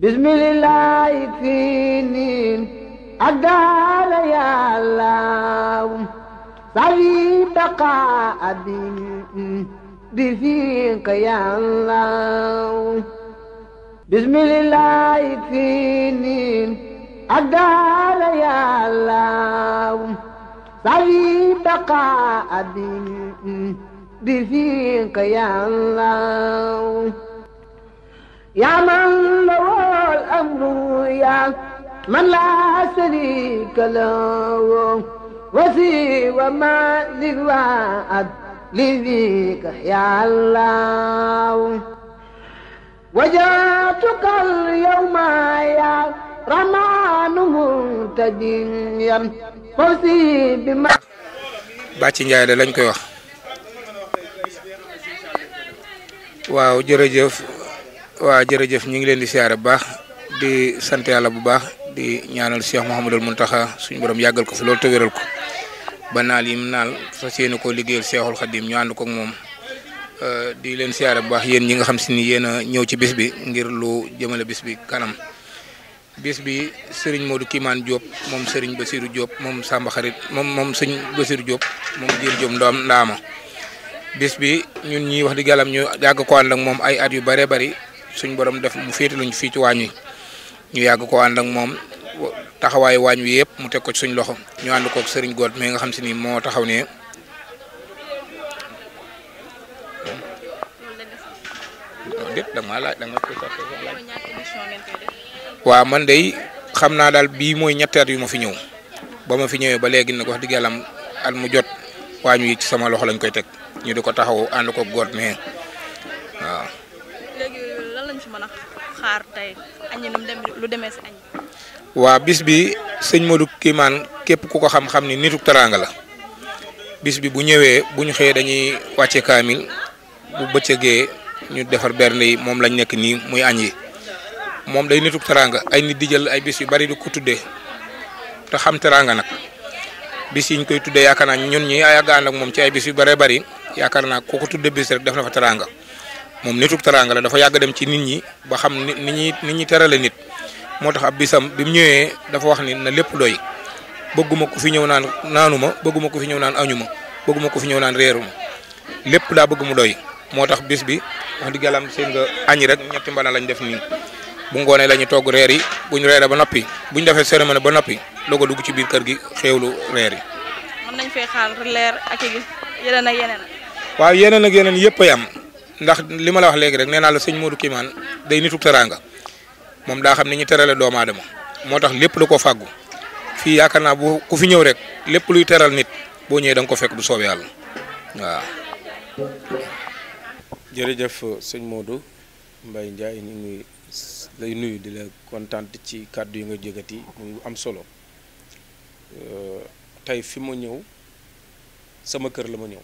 bismillah fii niin ak daara yàllaaw sawi baqa abi bi bismillah fii niin ak daara yàllaaw sawi baqa abi bi fiika yàllaaw الأمر يا من لا شريك له وفي وما ذراء di siara di sante yalla bu baax di ñaanal Cheikh al muntaha suñu borom yagal ko fi loolu te wéral ko ba naal yi naal fas yéene koo liggéeyal Cheikhul Khadim ñu and ko ak moom euh, di leen siyaare bu baax yéen ñi nga xam si ni yéen a ci bis bi ngir lu jëmale bis bi kanam bis bi Serigne Modou Kiman Diop mom Serigne Basirou Diop mom Samba kharit mom mom serigne Basirou Diop mom Diir Diop ndam ndama bis bi ñun ñi wax di galam ñu yàgg ko and ak mom ay at yu bare bari suñ borom def mu luñ fi ci wañuy ñu yàgg ko ànd ak moom taxawaay waañ wi yëpp mu teg ko ci suñ loxo ñu ànd koog sëriñ Goot mais nga xam si ni moo taxaw ne déet waaw man day xam naa daal bii mooy ñetteet yu ma fi ñëw ba ma fi ñëwee ba léegi nag wax dëgg yàlla at mu jot waañ yi ci sama loxo lañ koy teg ñu di ko taxaw ànd ko Goot mais waaw wa bis bi seigne Modou kiman kep kuko xam-xam ni nituk la bis bi bu ñewé bu ñu xëyee dañuy wacce kamil bu beccégué ñu défar berne yi moom lañ nek ni muy añ mom day nituk teraanga ay nit di jël ay bis yu bari di ko tuddé te xam teraanga nak bis yi ñu koy tuddé yakarna ñun ñi ay ak mom ci ay bis yu bari bari yakarna naa ku ko tuddee bis rek def na fa moom nitub teraanga la dafa yàgg dem ci nit ñi ba xam ni ni ñuy ni ñuy terale nit moo tax ab bisam bi mu ñëwee dafa wax ni na lépp doy bëgguma ko fi ñëw naan naanuma bëgguma ko fi ñëw naan añuma bëgguma ko fi ñëw naan réeruma lépp daa bëgg mu doy moo tax bis bi wax dëgg yàlla seen nga añi rek ñetti mbana lañ def nii bu ngoonee la ñu togg reer yi buñ reere ba noppi buñ defee cérémonie ba noppi doog dugg ci biir kër gi xéewlu reer yi. mën nañ fee xaar leer ak yeneen ak yëpp yam ndax lima la wax léegi rek neena la seigne Modou kiman day nitu teranga mom da xam ni ñu terale doomu aadama moo tax lépp da koo fàggu fii bu ku fi ñew rek lepp luy teral nit bo ñew dang ko fekk soobe yalla wa jere jef seigne Modou mbay ndjay ñi ngi lay nuyu di la contente ci cadeau yi nga jëgëti muy am solo euh, tay fi ma ñew sama kër la ma ñew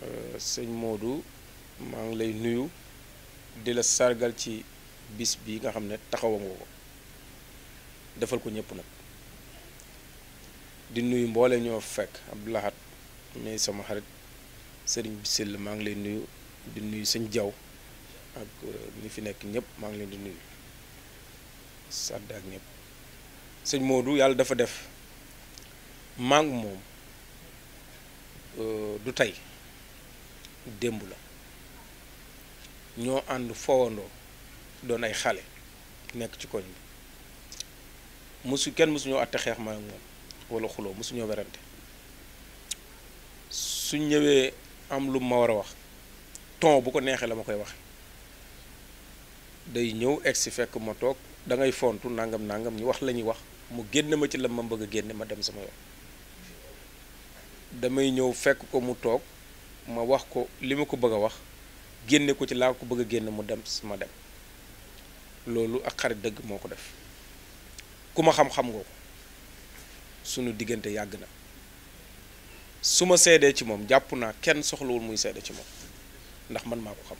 Euh, sëñ moodu maa ngi lay nuyu di la sargal ci bis bi nga xam ne taxawoo ko defal ko ñëpp nag di nuyu mboole ñoo fekk Abdou Lahad nuyu sama xarit sëriñ Bisil maa ngi lay nuyu di nuyu sëñ Jaw ak euh, ñi fi nekk ñëpp maa ngi leen di nuyu sàdd ak ñëpp sëñ moodu yàlla dafa def maa ngi moom euh, du tey. démb la ñoo ànd fowandoo doon ay xale nekk ci koñ bi mosu kenn mosuñoo àtte xeex ma ak moom wala xuloo mosuñoo su ñëwee am lu ma war a wax ton bu ko neexee la ma koy waxe day ñëw si fekk ma toog da ngay fontu nangam nangam ñu wax la ñuy wax mu génn ma ci la ma bëgg génne ma dem sama yoon damay ñëw fekk ko mu toog ma wax ko li ma ko bëgg a wax génne ko ci laa ko bëgg a génne mu dem ma dem loolu ak xarit dëgg moo ko def ku ma xam-xam nga ko sunu diggante yàgg na su ma seedee ci moom jàpp naa kenn soxlawul muy seede ci moom ndax man maa ko xam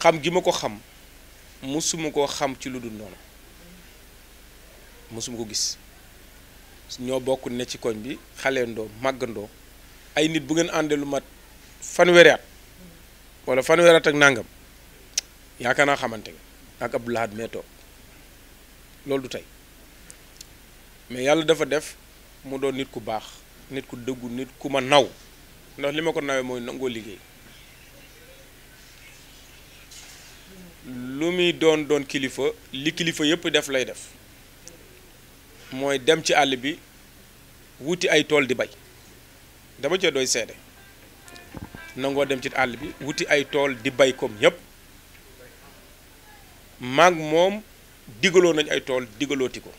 xam gi ma ko xam musuma koo xam ci lu dul noonu musuma ko gis ñoo bokk ne ci koñ bi xaleendoo màggandoo ay nit bu ngeen àndee lu mat fanweeri at wala fanweeri at ak nangam yaakaar naa xamante nga ak Abdou Lahad mee toog loolu du tey mais yàlla dafa def mu doon nit ku baax nit ku dëggu nit ku ma naw ndax li ma ko nawee mooy nangoo liggéey lu muy doon doon kilifa li kilifa yëpp def lay def mooy dem ci àll bi wuti ay tool di bay dama cee doy seede nangoo dem ci àll bi wuti ay tool di bay comme ñëpp mag moom digaloo nañ ay tool digalooti ko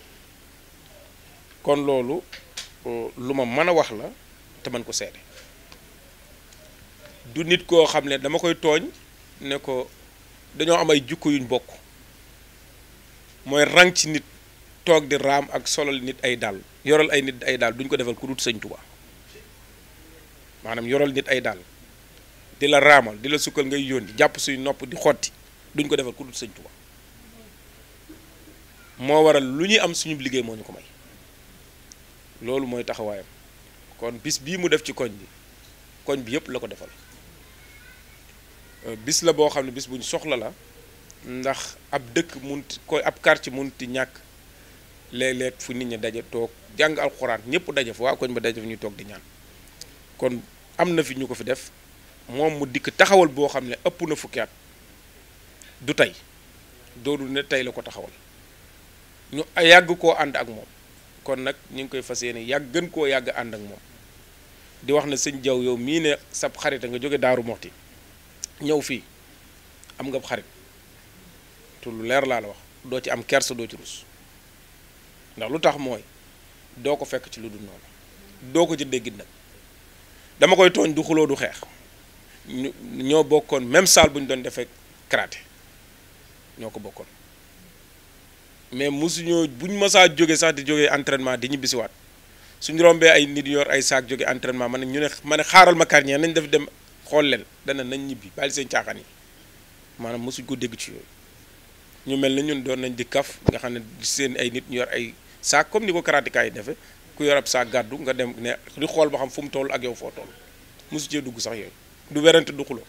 kon loolu euh, lu ma mën a wax la te mën ko seede du nit koo xam ne dama koy tooñ ne ko dañoo am ay jukko yuñ bokk mooy rang ci nit toog di raam ak solal nit ay dàll yoral ay nit ay daal duñ ko defal ku sëñ Tuubaa maanaam yoral nit ay dal di la raamal di la sukkal ngay yónni suy nopp di xotti duñ ko defal ku dul sëñ waral lu ñuy am suñu liggéey moo ko may loolu kon bis mu def ci koñ bi koñ bi yëpp la ko defal bis la boo bis buñ soxla la ndax ab dëkk munti koy ab quartier munti ñàkk léeg-léeg fu nit ñi daje toog jàng daje fa waa koñ ba daje fa tok di ñaan kon am na fi ñu ko fi def moom mu dikk taxawal boo xam ne ëpp na fukki at du tey doodul ne tey la ko taxawal ñu yàgg koo ànd ak moom kon nag ñu ngi koy fas yéene yàgg gën koo yàgg ànd ak moom di wax na sëñ jaw yow mii ne sab xarit a nga jóge daaru moxti ñëw fii am nga xarit te lu leer laa la wax doo ci am kersa doo ci rus ndax lu tax mooy doo ko fekk ci lu du noonu doo ko ci déggit nag dama koy tooñ du xuloo du xeex ñoo bokkoon même saal bu ñu doon defee karaté ñoo ko bokkoon mais mosuñoo bu ñu mësaa jóge sax di jógee entraînement di ñibbisiwaat suñu rombee ay nit yor ay saak jóge entraînement man ñu ne ma ne xaaral ma carnière nañ def dem xool leen dana nañ ñibbi bàyyi seen caaxaan yi maanaam mosuñ ko dégg ci yooyu ñu mel na ñun doon nañ di kaf nga xam ne seen ay nit ñu yor ay saak comme ni ko karatékaay yi defee ku yorab saa gàddu nga dem ne di xool ba xam fu mu toll ak yow foo toll mosu cee dugg sax yooyu du werante du xuloo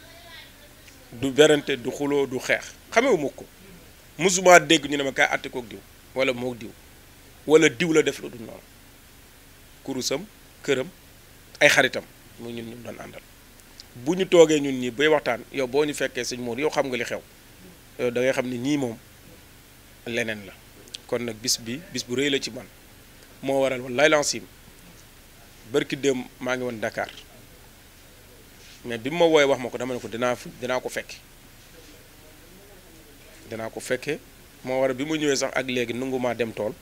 du werante du xuloo du xeex xamewu ma ko mosumaa dégg ñu ne ma kaay àtte koog diw wala mook diw wala diw la def la du noonu kurusam këram ay xaritam mu ñun ñu doon àndal bu ñu toogee ñun ñii bay waxtaan yow boo ñu fekkee sëñ Mor yow xam nga li xew yow da xam ne ñii moom leneen la kon nag bis bi bis bu rëy la ci man moo waral wallaay lansim bërki démb maa ngi woon Dakar mais bi mu ma wooyee wax ma ko dama ne ko dinaa dinaa ko fekke dinaa ko fekke moo waral bi ma ñëwee sax ak léegi nangu dem tool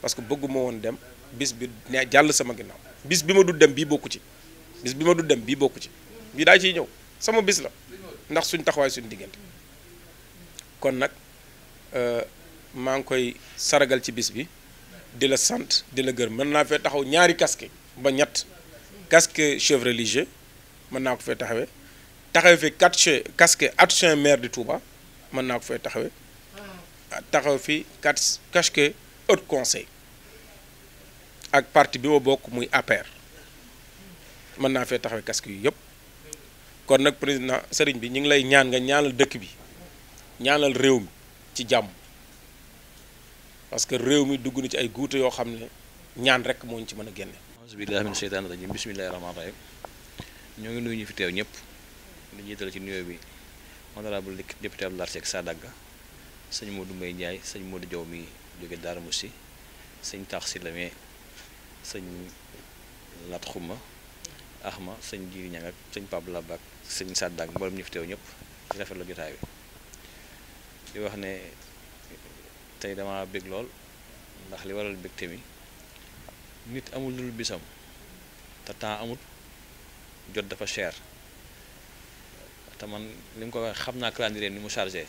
parce que bëggu woon dem bis bi ne jàll sama ginnaaw bis bi ma du dem bii bokku ci bis bi ma du dem bii bokku ci bii daa ciy ñëw sama bis la ndax suñ taxawaay suñ diggante kon nag euh, maa ngi koy saragal ci bis bi De la santé, de la gërëm taxaw ñaari casque ba casque chef religieux ko quatre casque maire de Touba ko taxawé taxaw fi quatre casque haut conseil ak parti bi wo bok muy APR mën naa taxawé casque kon président bi lay ñaan nga ñaanal dëkk parce que réew mi dugg na ci ay guute yoo xam ne ñaan rek moo ci mën a génne. bismillahi min seytaani rajim bismillahi rahmaani rahim ñoo ngi nuyu ñu fi teew ñëpp di jiital ci nuyoo bi honorable député Abdoulaye Seck Sadaga sëñ Modou Mbaye Ndiaye sëñ Modou Diaw mi jóge Darou Moussi sëñ Tax sëñ Lat Xuma Axma sëñ Jiri Ñang ak sëñ Pape Labak sëñ Sadaga mboolem ñu fi teew ñëpp di rafetlu jotaay bi di wax ne. tey dama bég lool ndax li waral bégte mi nit amul lu bisam te temps amut jot dafa cher te man li mu ko waxee xam naa calendrier ni mu chargé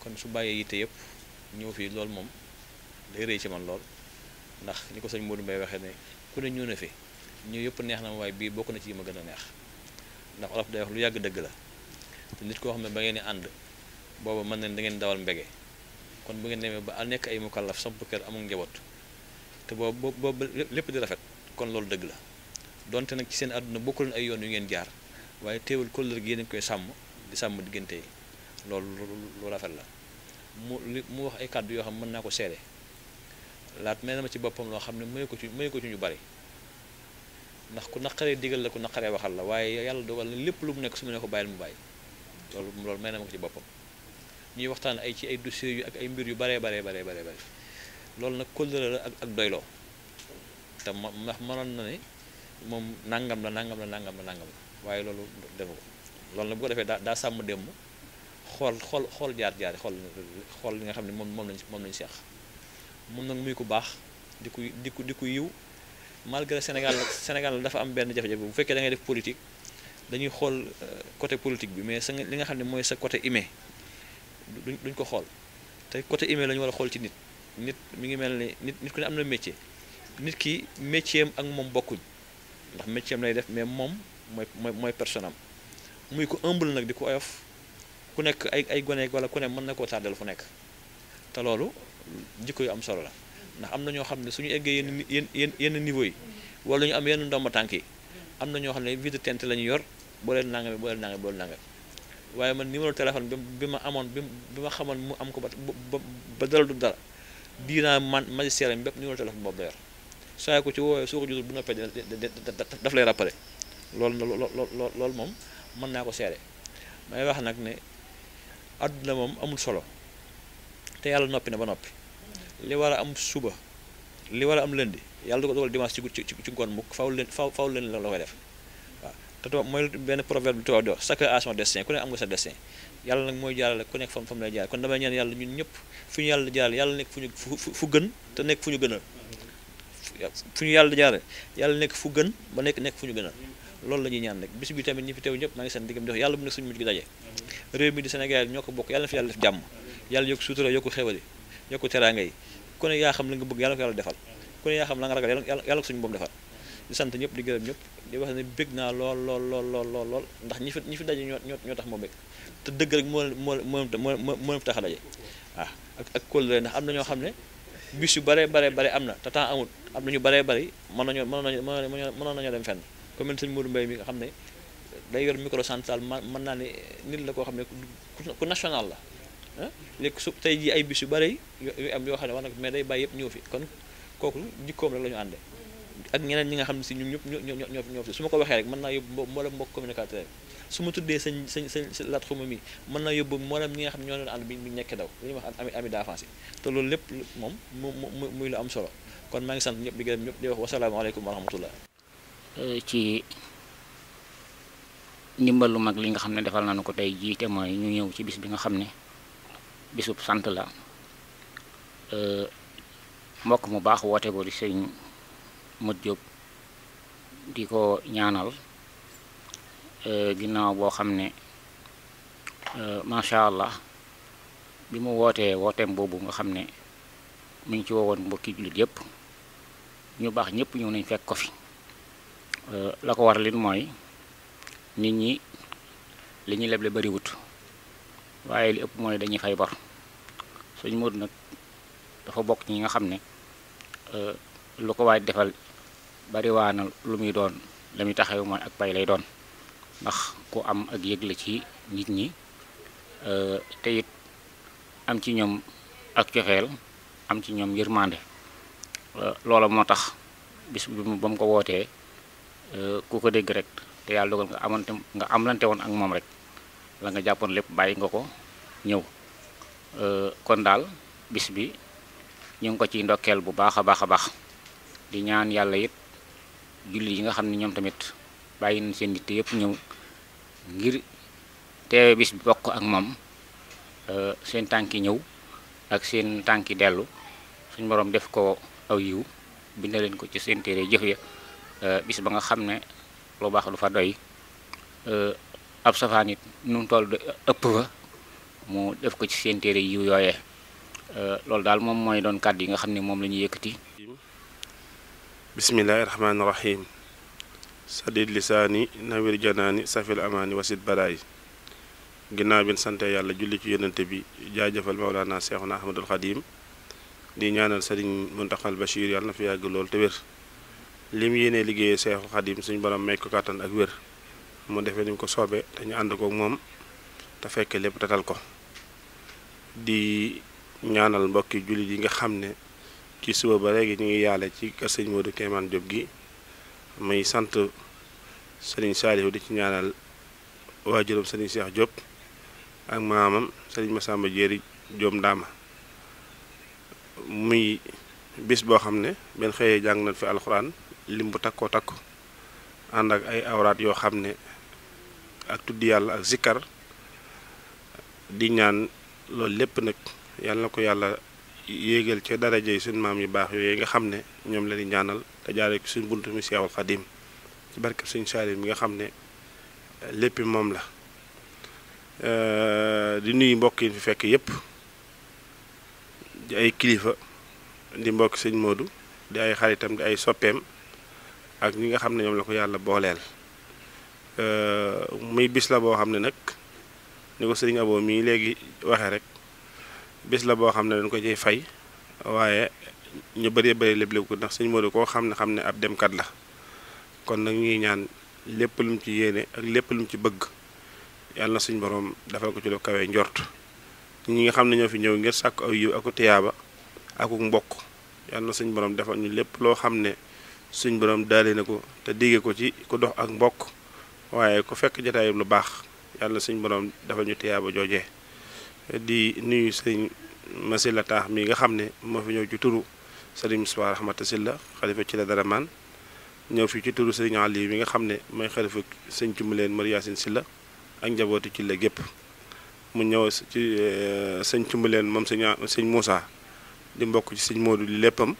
kon su bàyyee yitte yëpp ñëw fii lool moom day rëy ci man lool ndax ñu ko sëñ Modou mbay waxee ne ku ne ñëw na fi ñu yëpp neex na ma waaye bii bokk na ci yi ma gën a neex ndax olof day wax lu yàgg dëgg la te nit koo xam ne ba ngeen di ànd booba mën nañ da ngeen dawal mbege kon bu ngeen demee ba nekk ay mukallaf samp kër amul njaboot te boo boobu boobu lépp di rafet kon loolu dëgg la donte nag ci seen àdduna bokkul ay yoon yu ngeen jaar waaye teewul kóllëre gi yéen koy sàmm di sàmm diggante loolu lu rafet la mu li mu wax ay kàddu yoo xam mën naa ko seere laat mel na ma ci boppam loo xam ne mayu ko ci mayu ko ci ñu bari ndax ku naqaree digal la ku naqaree waxal la waaye yàlla dogal na lépp lu mu nekk su mu ko bàyyil mu bàyyi loolu loolu mel na ma ko ci boppam ñuy waxtaan ay ci ay dossiers yu ak ay mbir yu baree baree baree baree bare loolu nag kóllëre la ak ak doyloo te ma ndax manoon na ne moom nangam la nangam la nangam la nangam la waaye loolu defu ko loolu nag bu ko defee daa daa sàmm démb xool xool xool jaar jaar xool xool li nga xam ne moom moom lañ moom lañ seex moom nag muy ku baax di ku di ku di ku yiw malgré dafa am benn jafe-jafe bu fekkee da ngay def politique dañuy xool euh, côté politique bi mais sa li nga xam ne mooy sa côté humain duñ duñ ko xool te côté humain la war a xool ci nit nit mi ngi mel ni nit nit ku ne am na métier nit ki métier ak moom bokkuñ ndax métier am lay def mais moom mooy mooy mooy personne muy ko humble nag di ku oyof ku nekk ay ay gone wala ku ne mën na koo tàddal fu nekk te loolu jikko yu am solo la ndax am na ñoo xam ne suñu eggee yenn yenn yenn yenn niveau yi wala ñu am yenn ndomba tànk yi am na ñoo xam ne vie tent tente la ñu yor boo leen nangame boo leen nangame waaye man numéro téléphone bi bi ma amoon bi bi ma xamoon mu am ko ba ba dara du dara diinaa man magistère bi bépp numéro téléphone boobu la yor saa ko ci woowee soo ko jotul bu noppee daf lay rappelé loolu na loolu moom mën naa ko seede may wax nag ne àdduna moom amul solo te yàlla noppi na ba noppi li war a am suba li war a am lëndi yàlla du ko dogal dimanche ci ci ci ngoon mukk faw leen faw faw leen la koy def te tubaab mooy benn proverbe bi tubaab di wax a son destin ku ne am nga sa destin yàlla nag mooy jaarale ku nekk fam fam lay jaar kon damay ñaan yàlla nekk fu gën te nekk fu ñu gën ba nekk nekk fu ñu gënal loolu la ñuy ñaan nag bis bi tamit ñi fi teew ñëpp maa seen diggam di yàlla bu nekk suñu mujj gi réew mi di Sénégal ñoo ko bokk yàlla na fi yàlla def jàmm yàlla yokk suutura yokk xewal yokk teraanga yi ku ne yaa xam la nga bëgg yàlla ko yàlla defal ku ne yaa di sant ñëpp di gërëm ñëpp di wax ne bég naa lool lool lool lool lool lool ndax ñi fi ñi fi daje ñoo ñoo tax moo bég te dëgg rek moo moo moo moo moo fi tax a daje ak ak kóllëre ndax am na ñoo xam ne bis yu bare bare bare am na te temps amut am na ñu bare bari mën nañoo mën nañoo mënoon nañoo dem fenn ku mel ne sëñ Modou Mbaye mi nga xam ne day yor micro central man mën naa ne nit la koo xam ne ku national la ah su tey jii ay bis yu bare yu am yoo xam ne wax nag mais day bàyyi yëpp ñëw fi kon kooku jikkoom rek la ñu àndee. ak ñeneen ñi nga xam ne si ñun ñëpp ñoo ñoo ñoo ñoo ma ko waxee rek mën naa yóbbu mboolem mbokk communicateur su ma tuddee sañ sañ sañ lat xuma mi mën naa yóbbu nga xam ñoo doon ànd bi ñu nekkee daw li ñuy wax ami ami te loolu lépp moom mu mu muy lu am solo kon maa ngi sant ñëpp di gërëm ñëpp di wax wasalaamaaleykum wa rahmatullah eh, ci ndimbalu mag li nga xam ne defal nañu ko tey jii te mooy ñëw ci bis bi nga xam ne bisub sant la eh, mbokk mu baax woote ko di sëñ Mat Diop di ko ñaanal e, ginnaaw boo xam ne e, macha allah bi mu wootee wooteem boobu nga xam ne mu ngi ci woowoon mbokki jullit yëpp ñu baax ñëpp ñëw nañ fekk ko fi e, la ko war lin mooy nit ñi li ñuy leble bariwut waaye li ëpp mooy dañuy fay bor suñ Moodu nag dafa bokk ñi nga xam ne lu ko waay defal bariwaana lu muy doon la muy taxaw mooy ak pay lay doon ndax ku am ak yëg la ci nit ñi euh, te it am ci ñoom ak cofeel am ci ñoom ngir mànde euh, loola moo tax bis bi ba mu ko wootee euh, ku ko dégg rek te yàlla dogal nga amante nga amlante woon ak moom rek la nga jàppoon lépp bàyyi nga ko ñëw kon daal bis bi ñu ngi ko ci ndokkeel bu baax a baax a baax di ñaan yàlla it jullit yi nga xam ne ñoom tamit bàyyi nañ seen yitte yëpp ñëw ngir teewe bis bokk ak moom euh, seen tànki ñëw ak seen tànki dellu suñ boroom def ko aw yiw bind leen ko ci seen téere jëf ya euh, bis ba nga xam ne lu baax du fa doy euh, ab safaan it nu mu toll ëpp fa mu def ko ci seen téere yiw yooyee loolu daal moom mooy doon kàddu yi nga xam ne moom la ñuy yëkkati بسم الله الرحمن الرحيم سديد لساني نوير جناني سفي الاماني وسيد براي غنا بن سانتا يالا جولي سي يوننتي بي جاجفال مولانا شيخنا احمد القديم دي نيانال سيرن منتخب البشير يالنا في ياغ لول توير لم يينه ليغي شيخ القديم سيرن بروم ميكو كاتان اك وير مو ديفي نيم كو صوبي تا ني اندكو اك دي نيانال مبوكي جولي ديغا خامني ci suba ba legi ñu ngi yàlla ci ka sëñ Modou Kéemaan job gi may sante sëriñ salih di ci ñaanal wajurum sëriñ Cheikh job ak maamam sëriñ Massamba jeri job Ndaama muy bis bo xamne ben xeye jang na fi alquran limbu takko takko and ak ay awraat yo xamne ak tuddi yalla ak zikkar di ñaan lol lepp nak yalla ko yalla yegel ci daraja yi mam maam yu bax yoy nga xamne ñom la di ñaanal te jaaree ci sun buntu mi seewal xadim ci barke sun saalim mi nga xamne euh, lepp mom la euh di nuyu mbokk yi fi fekk yépp di ay kilifa di mbokk sun Modou di ay xaritam di ay soppeem ak ñi nga xamne ñom la ko bolel euh muy bis la bo xamne nak nag ni ko Abo mi legi waxe rek bis la boo xam ne dañ ko ciy fay waaye ñu bëree bëri lépp lépp ko ndax sëñ Modou koo xam ne xam ne ab demkat la kon nag ñu ñaan lépp lum ci yéene ak lépp lu ci bëgg yàlla suñ borom defal ko ci lu kawee njort ñi nga xam ne ñoo fi ñëw ngir sàkk aw yiw mbokk yàlla na suñ borom defal ñu lépp loo xam ne suñ borom daale na ko te digge ko ci ku dox ak mbokk waaye ku fekk jotaayam lu baax yàlla suñ borom defal ñu tiyaaba joojee di nuyu sëriñ Masila Taax mii nga xam ne moo fi ñëw ci turu sëriñ Moussa Rahmata Silla xalifa ci la dara man ñëw fi ci turu sëriñ lii mi nga xam ne mooy xalifa sëñ Cumbuleen Mari Yaasin Silla ak njabootu ci la gépp mu ñëw ci eh, sëñ Cumbuleen moom sëñ sëñ Moussa di mbokk ci sëñ Moodu li léppam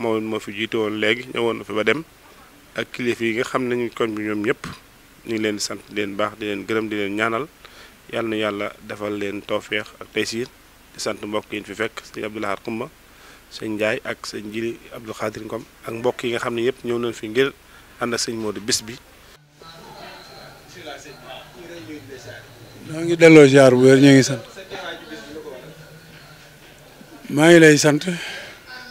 moom moo fi jiite woon léegi ñëwoon na fi ba dem ak kilifa yi nga xam ne ñu koñ bi ñoom ñëpp ñu ngi leen di sant di leen baax di leen gërëm di leen ñaanal yàlla nu yàlla defal leen toofeex ak taysiir di sant mbokk yi fi fekk sëñ Abdou Lahad Kumba sëñ Njaay ak sëñ Jili Abdou Khadir Ngom ak mbokk yi nga xam ne yëpp ñëw nañ fi ngir ànd ak sëñ Modou bis bi. ñoo ngi delloo ziar bu wér ñoo ngi sant maa ngi lay sant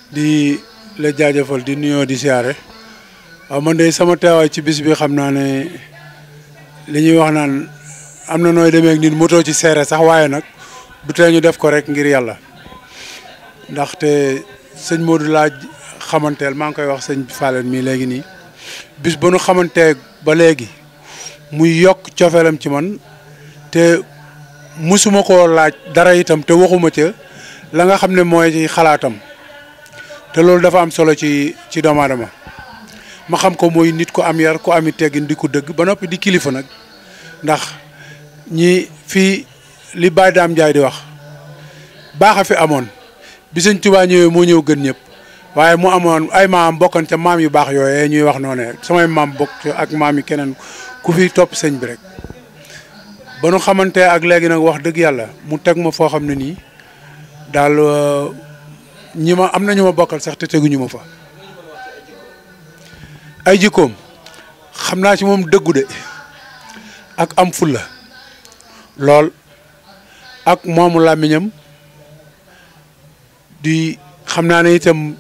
di la jaajëfal di nuyoo di siyaare waaw man de sama teewaay ci bis bi xam naa ne li ñuy wax naan. am na nooy demee ak nit moto ci seere sax waaye nag du tee ñu def ko rek ngir yàlla ndaxte sëñ Modou laaj xamanteel maa ngi koy wax sëñ Fallène mii léegi nii bis ba nu xamantee ba léegi muy yokk cofeelam ci man te musuma koo laaj dara itam te waxuma ca la nga xam ne mooy ci xalaatam te loolu dafa am solo ci ci doomu aadama ma xam ko mooy nit ku am yar ku ami teggin di ko dëgg ba noppi di kilifa nag ndax ñi fii li Baye Dame Ndiaye di wax baax a fi amoon bi sëñ Tuubaa ñëwee moo ñëw gën ñëpp waaye mu amoon ay maam bokkan ca maam yu baax yooyee ñuy wax noonu rek samay maam bokk ak maam yi keneen ku fi topp sëñ bi rek. ba nu xamante ak léegi nag wax dëgg yàlla mu teg ma foo xam ne nii daal euh, ñi am na bokkal sax te teguñu ma fa. ay jikkoom xam naa ci moom dëggu de ak am fulla lool ak moomu làmmiñam di xam naa ne itam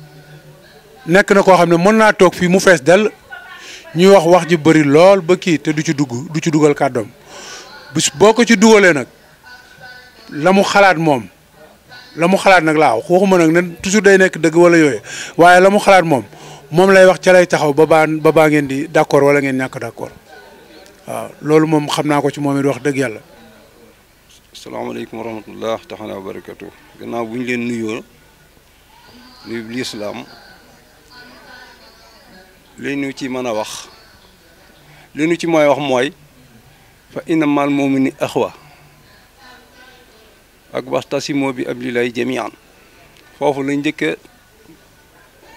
nekk na koo xam ne mën naa toog fii mu fees dell ñuy wax wax ji bari lool ba kii te du ci dugg du ci dugal kàddoom bis boo ko ci dugalee nag la mu xalaat moom la mu xalaat nag laa wax waxuma nag ne toujours day nekk dëgg wala yooyu waaye la mu xalaat moom moom lay wax ca lay taxaw ba baa ba baa ngeen di d'accord wala ngeen ñàkk d'accord waaw loolu moom xam naa ko ci moom it wax dëgg yàlla salaamaaleykum wa rahmatullah taxala wa gannaaw bu ñu leen nuyoo nuyu bi lislaam li ñu ci mën a wax li ñu ci mooy wax mooy fa innamal mu'mini axwa ak waxtasimo bi ablilaay jamian foofu lañ njëkk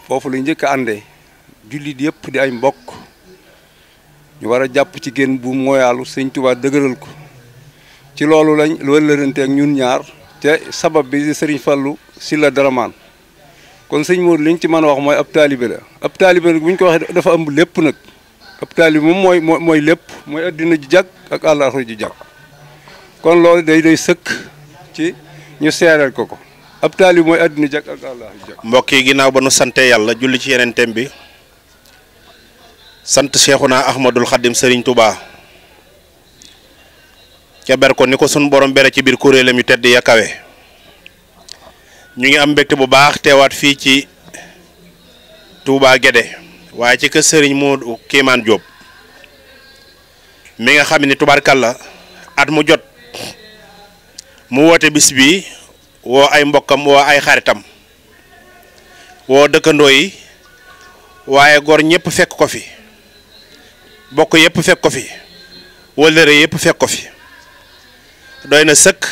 foofu lañ njëkk a àndee jullit yëpp di ay mbokk ñu war a jàpp ci génn bu mooyaalu sëñ Tuubaa dëgëral ko ci loolu lañ loolu wëllërante ak ñun ñaar te sabab bi di sëriñ Fallou Sylla Dramane kon sëñ Modou liñ ci mën a wax mooy ab taalibe la ab taalibe nag bu ñu ko waxee dafa ëmb lépp nag ab taalibe moom mooy mooy lépp mooy addina ji jag ak àllaaxira ji jag kon loolu day doy sëkk ci ñu seereel ko ko ab taalibe mooy addina jag ak àllaaxira ji jag mbokk yi ginnaaw ba nu sante yàlla julli ci yeneen tem bi sant Cheikhuna Ahmadul Xadim Sëriñ Touba. ca ber ni ko sunu borom bere ci biir kuréelam yu tedd ya kawe ñu ngi am mbégte bu baax teewaat fii ci Touba Guédé waaye ci kër Serigne Modou Kéemaan Diop mi nga xam ni ne la at mu jot mu woote bis bi woo ay mbokkam woo ay xaritam woo dëkkandoo yi waaye gor ñëpp fekk ko fi bokk yëpp fekk ko fi wëllëre yëpp fekk ko fi doy na sëkk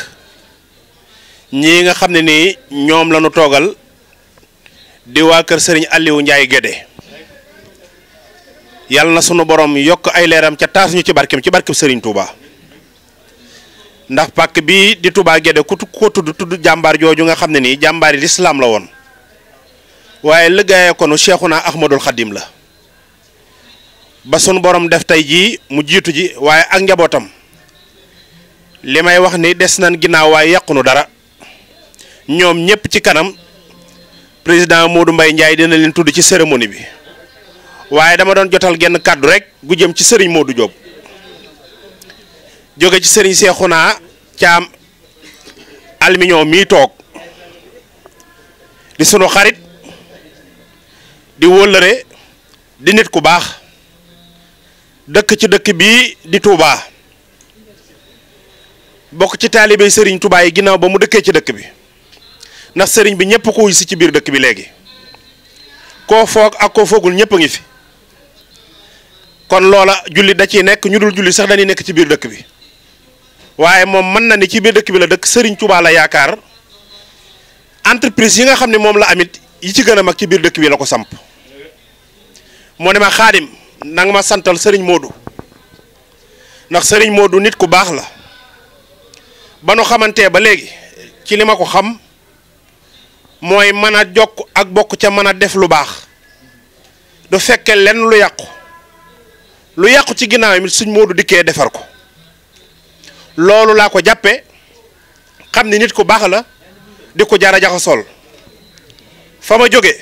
ñii nga xam ne ni ñoom lañu ñu toogal di waa kër sëriñ Aliou njaay Guédé yàlla na sunu borom yokk ay leeram ca taas ñu ci barkeem ci barkeem sëriñ Touba ndax pàkk bii di Touba Guédé ku ko tudd tudd jàmbaar jooju nga xam ne ni nii jàmbaari lislaam la woon waaye liggéeyee ko nu Cheikhuna Ahmadul Xadim la ba sunu borom def tey jii mu jiitu ji waaye ak njabootam. li may wax ni des nan ginnaaw waaye yàqunu dara ñoom ñëpp ci kanam président Modou Mbaye Ndiaye dina leen tudd ci cérémonie bi waaye dama doon jotal genn kàddu rek gu jëm ci sëriñ du Diop joge ci sëriñ naa Caam almiñoo mii toog di sunu xarit di wóllëre di nit ku baax dëkk ci dëkk bii di Touba. bokk ci taalibe sëriñ Touba yi ginnaaw ba mu dëkkee ci dëkk bi ndax sëriñ bi ñëpp ko wuy ci biir dëkk bi léegi koo foog ak koo foogul ñëpp a ngi fi kon loola julli da ciy nekk ñu dul julli sax dañuy nekk ci biir dëkk bi waaye moom mën na ni ci biir dëkk bi la dëkk sëriñ Touba la yaakaar entreprise yi nga xam ne moom la amit yi ci gën a mag ci biir dëkk bi la ko samp moo ne ma xaadim nanga ma santal sëriñ Modou ndax sëriñ Modou nit ku baax la. ba nu xamantee ba léegi ci li ma ko xam mooy mën a jokk ak bokk ca mën a def lu baax du fekke lenn lu yàqu lu yàqu ci ginnaaw mi suñ moodu dikkee defar ko loolu laa ko jàppe xam ni nit ku baax la di ko jara jaxasool fa ma jóge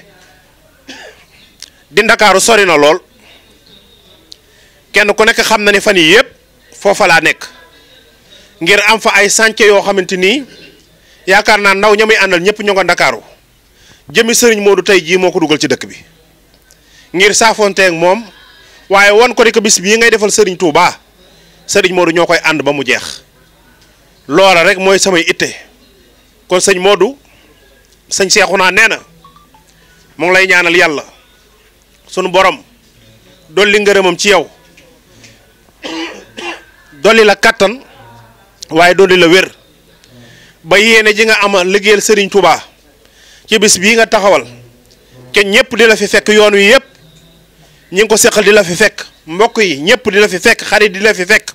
di ndakaaru sori na lool kenn ku nekk xam na ni fan yii yëpp foofa laa nekk ngir am fa ay chantier yoo xamante ni yaakaar naa ndaw ña àndal ñëpp ñoo nga ndakaaru jëmi sëriñ Modou tey jii moo ko dugal ci dëkk bi ngir saafonteeg moom waaye wan ko ni ko bis bii ngay defal sëriñ Touba sëriñ Modou ñoo koy ànd ba mu jeex loola rek mooy samay itte kon sëñ Modou sëñ naa nee na mu ngi lay ñaanal yàlla sunu borom dolli ngërëmam ci yow dolli la kattan. waaye dolli la wér ba yéene ji nga ama liggéeyal serigne Touba ci bis bi nga taxawal ke ñepp di la fi fekk yoon wi yëpp ñing ko seqal di la fi fekk mbokk yi ñepp di la fi fekk xarit di la fi fekk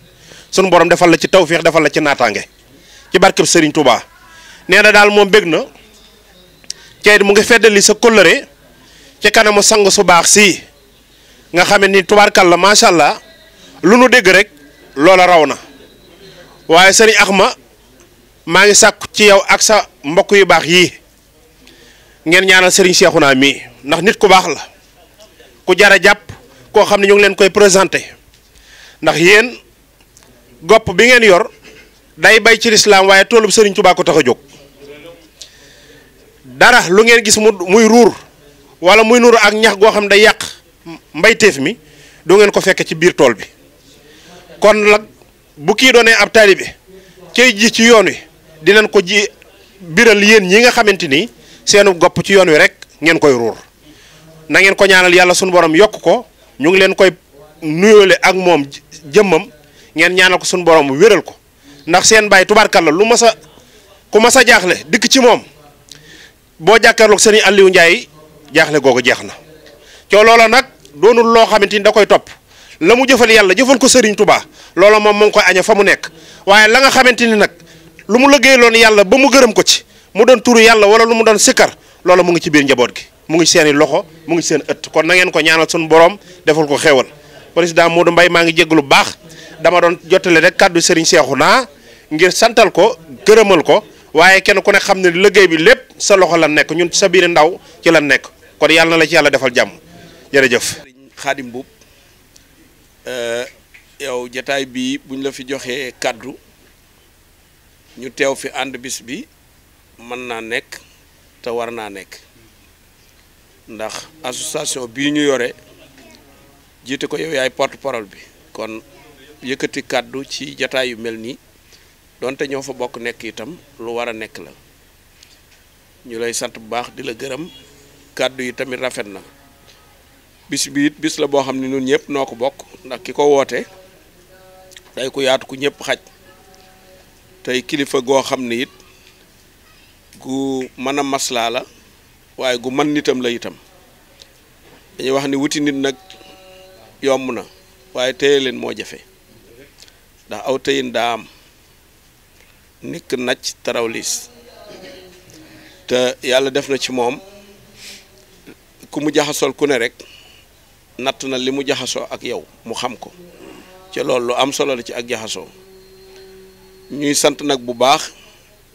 sun borom defal la ci tawfiq defal la ci naataange ci barke serigne Touba nee dal mom begna ceyd mu ngi feddali sa coloré ci kanamu sang su bax si nga ni tubaarkal la allah lu nu dégg rek loola rawna waaye sëriñ ma maa ngi sàkk ci yow ak sa mbokk yu baax yii ngeen ñaanal sëriñ naa mii ndax nit ku baax la ku jar a jàpp koo xam ne ñu ngi leen koy présenté ndax yéen gopp bi ngeen yor day bay ci lislaam waaye toolub sëriñ Tuubaa ko tax a jóg dara lu ngeen gis mu muy ruur wala muy nuur ak ñax goo xam ne day yàq mbayteef mi du ngeen ko fekke ci biir tool bi kon nag bu kii doonee ab taalibe kay jii ci yoon wi dinañ ko ji biral yéen ñi nga xamante ni seenu gopp ci yoon wi rek ngeen koy ruur na ngeen ko ñaanal yàlla sunu borom yokk ko ñu ngi leen koy nuyoole ak moom jëmmam ngeen ñaanal ko sunu borom wéral ko ndax seen bàyyi la lu mas a ku mas a jaaxle dikk ci moom boo jàkkaarloog sëriñ Aliou Ndiaye jaaxle googu jeex na coow loola nag doonul loo xamante ni da koy topp. la mu jëfal yàlla jëfal ko Serigne Touba loola moom mu ngi koy aña fa mu nekk waaye la nga xamante ba mu ko ci mu doon turu yàlla wala lu mu doon sikkar loola mu ngi ci biir njaboot gi mu ngi loxo mu ngi seen ëtt kon na ngeen ko ñaanal suñu borom defal ko xéewal président Modou Mbaye maa ngi jégg lu baax dama doon jottale rek kàddu Serigne Cheikhouna ngir santal ko gërëmal ko waaye kenn ku ne xam ne liggéey bi lépp sa loxo la nekk ñun sa biir ndaw ci la kon na la ci defal Eh, yow jotaay bi buñ la fi joxé cadre ñu tew fi and bis bi man na nek te war na nek ndax association bi ñu yore jité ko yow yaay porte parole bi kon yëkëti cadre ci jotaay yu melni donte ño fa bok nek itam lu wara nek la ñu lay sant bu baax dila gërëm yi tamit rafet na bis bi bis la bo xamni ñun ñëpp noko ko ndax ki ko woote day ku yaatu ku ñëpp xaj tey kilifa goo xam ne it gu mën a maslaa la waaye gu man nitam la itam dañuy wax ni wuti nit nag yomb na waaye téye leen moo jafe ndax aw tëyin daa am nikk nacc taraw te yàlla def na ci moom ku mu jaxasool ku ne rek natt na li mu jaxasoo ak yow mu xam ko ci loolu lu am solo la ci ak jaxasoo ñuy sant nag bu baax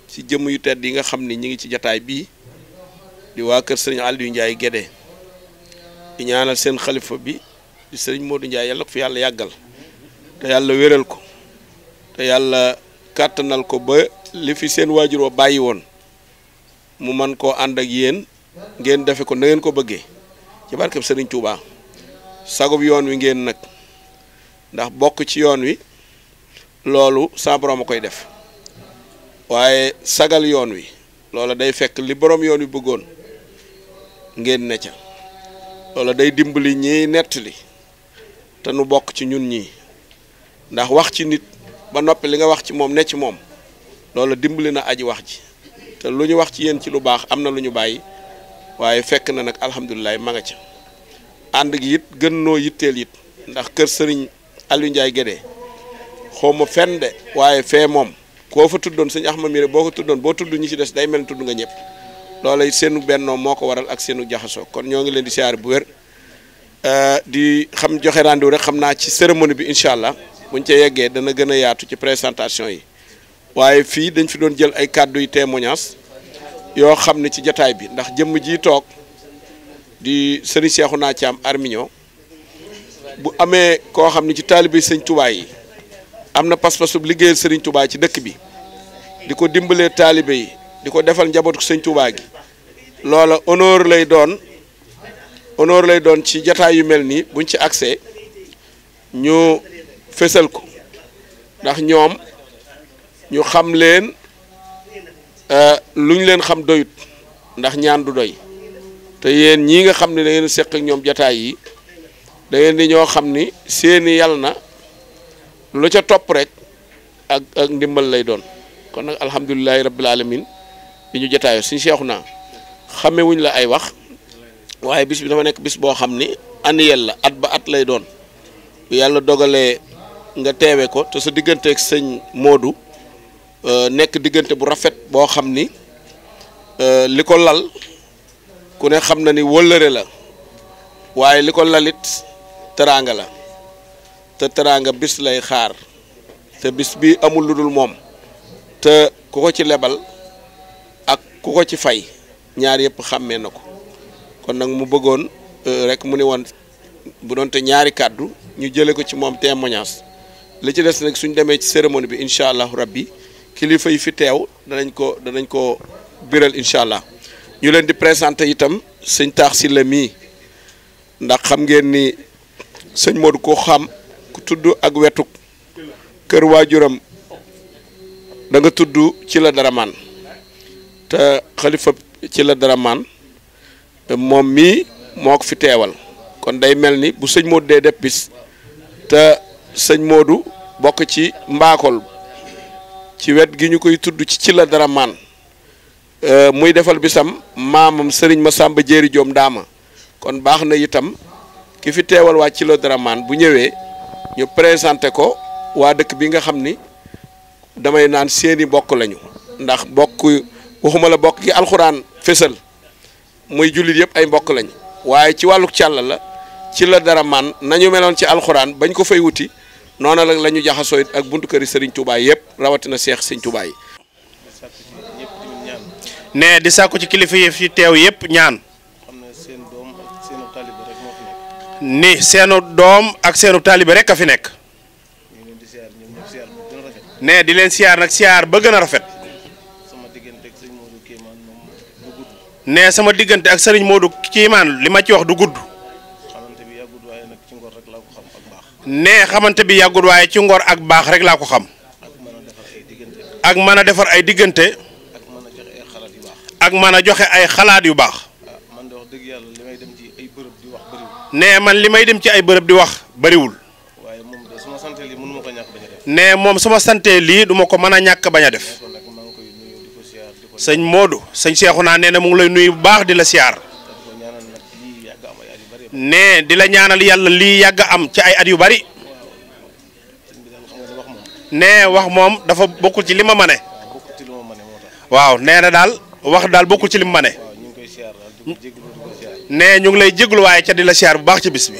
ci jëmm yu tedd yi nga xam ni ñi ngi ci jataay bii di waa kër sëriñ Aliou Ndiaye Guédé ñaanal seen xalifa bi di sëriñ Modou Ndiaye yàlla ko fi yàlla yàggal te yàlla wéral ko te yàlla kàttanal ko ba li fi seen waajur wa bàyyi woon mu man koo ànd ak yéen ngeen defe ko na ko bëggee ci barkeb sëriñ Touba. sagub yoon wi ngeen nag ndax bokk ci yoon wi loolu saa borom a def waaye sagal yoon wi loola day fekk li borom yoon wi bëggoon ngeen ne ca loola day dimbali ñiy li te nu bokk ci ñun ñii ndax wax ci nit ba noppi li nga wax ci moom ne ci moom dimbali na aji wax ji te lu ñu wax ci yéen ci lu baax am na lu ñu fekk na nag alhamdulilah ma nga ca ànd gi it gën noo yitteel yit ndax kër sëriñ Aliou Ndiaye Guédé xaw ma fenn de waaye fee moom koo fa tuddoon sëñ Axma Mire boo ko tuddoon boo tudd ñu si des day mel tudd nga ñëpp loola it seenu bennoo moo ko waral ak seenu jaxasoo kon ñoo ngi leen di siyaar bu wér euh, di xam joxe rendez-vous rek xam naa ci cérémonie bi incha allah buñ ca yeggee dana gën a yaatu ci présentation yi waaye fii dañ fi doon jël ay kàddu yu témoignage yoo xam ne ci jataay bi ndax jëmm ji toog. di naa ci am Armignon bu amee koo xam ne ci taalibe sëñ Touba yi am na pas-pasu liggéeyal sëriñ Touba ci dëkk bi di ko dimbalee taalibe yi di ko defal njabootu sëñ Touba gi loola honneur lay doon honneur lay doon ci jataay yu mel nii buñ ci accès ñu fésal ko ndax ñoom ñu xam leen euh, lu ñu leen xam doyut ndax ñaan du doy te yéen ñii nga xam ne da ngeen seq ak ñoom jataay yi da ngeen di ñoo xam ni seeni yàlla na lu ca topp rek ak ak ndimbal lay doon kon nag alhamdulilahi rabbil alamin bi ñu jataayoo suñu seexu naa xamewuñ la ay wax waaye bis bi dafa nekk bis boo xam ni annuel la at ba at lay doon yàlla dogale nga teewe ko te sa diggante ak sëñ Modou euh, nekk diggante bu rafet boo xam ni euh, li ko lal ku ne xam na ni wëllëre la waaye li ko lalit teranga la te teranga bis lay xaar te bis bi amul lu dul moom te ku ko ci lebal ak ku ko ci fay ñaar yëpp xàmmee na ko kon nag mu bëggoon euh, rek mu ni woon bu doon te ñaari kàddu ñu jële ko ci moom témoignage li ci des nag suñ demee ci cérémonie bi incha allahu rabbi kilifa yi fi teew danañ ko danañ ko biral incha ñu leen di présenter itam sëñ taax si la ndax xam ngeen ni sëñ Modou ko xam ku tuddu ak wetuk kër wajuram da nga tuddu ci la dara te khalifa ci la dara fi kon day melni bu sëñ Modou dee def te sëñ Modou bok ci mbakol ci wet gi ñukoy tuddu ci ci la dara Euh, muy defal bisam maamam ma Massamba Jéeri Joom Ndaama kon baax na itam ki fi teewal waa Thilo Dramane bu ñëwee ñu présenté ko waa dëkk bi nga xam ni damay naan seeni bokk lañu ndax bokk waxuma la bokk gi alxuraan fésal muy jullit yëpp ay mbokk lañ waaye ci wàllu càll la ci la dara Dramane nañu meloon ci alxuraan bañ ko fay wuti noona la la ñu jaxasoo it ak buntu këri Serigne Touba yëpp rawatina seex Serigne Touba ne di sakku ci kilifa yi fi tew yep ñaan ni seenu dom ak seenu talib rek ka fi nek ne di len siar nak siar ba gëna rafet ne sama digënté ak serigne Modou lima li ma ci wax du gudd ne xamanté bi yagud waye ci ngor ak bax rek la ko xam ak mana defar ay digënté ak mana joxe ay xalaat yu bax ah, man de wax dëgg yàlla li dem ci ay bërëb di wax bëriwul. nee man limay dem ci ay bërëb di wax bëriwul. waaye moom de suma santé li lii mënu ma ko ñàkk bañ a def. nee moom su ma santee lii ko mën a ñàkk def. sëñ Modou señ Cheikhouna nee na mu ngi lay nuyu bu baax di la siyaar. nee di la ñaanal yalla li yag am ci ay at yu bari. ne wax mom dafa bokkul ci lima mané waaw neena dal wax daal bokkul ci lim ma ne ne ñu ngi lay jéglu waaye ca di la siyaar bu baax ci bis bi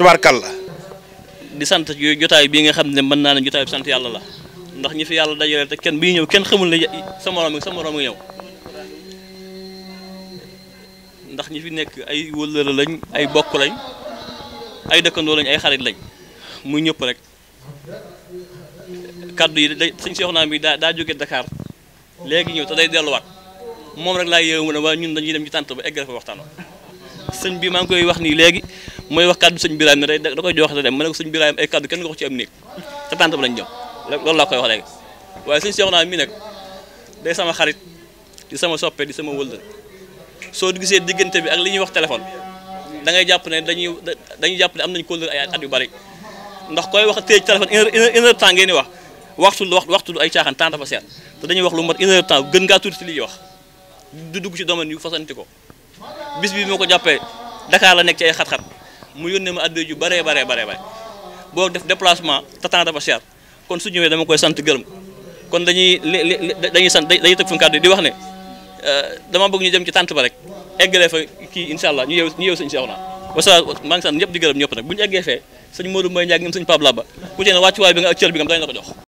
la di sant jotaay bii nga xam ne mën naa ne jotaay bi sant yàlla la ndax ñi fi yàlla dajale te kenn bi ñëw kenn xamul na sa moroom sa moroom nga ñëw ndax ñi fi nekk ay wëllëra lañ ay bokk lañ ay dëkkandoo lañ ay xarit lañ mu ñëpp rek kaddu yi day suñ si naa bi daa daa jóge Dakar léegi ñëw te day delluwaat moom rek lay yeewu mu ne waa ñun dañuy dem ci tànt ba eggale fa waxtaanoo sëñ bi maa ngi koy wax nii léegi mooy wax kàddu sëñ Birame ne tey da koy joxe te dem ma ne ko sëñ Birame ay kàddu kenn nga ko ci am néeg te tànt ba laa koy wax léegi waaye sëñ Cheikhouna mi nag sama xarit sama soppe di sama wëllër soo gisee diggante bi ak li ñuy wax téléphone da ngay jàpp ne dañuy dañuy jàpp ne am nañ kóllëre ay at yu bari ndax koy wax téye téléphone une heure une ngeen di wax waxtu lu waxtu lu ay caaxaan temps dafa seet te dañuy wax lu mat une heure gën ngaa tuuti ci li wax du dugg ci domaine yu fasanti ko bis bi moo ko jàppee Dakar la nekk ci ay xat-xat mu yónnee ma addo yu baree baree baree bare boo def déplacement te temps dafa cher kon su ñëwee dama koy sant gërëm kon dañuy dañuy sant dañuy teg fu kàddu di wax ne euh, dama bëgg ñu dem ci tant ba rek eggalee fa kii incha allah ñu yew ñu yew sëñ Cheikhouna wasalaam maa ngi sant ñëpp di gërëm ñëpp nag bu ñu eggee fee sëñ Modou Mbaye Ndiaye ñoom sëñ Pape Laba ku ci ne wàccuwaay bi bi nga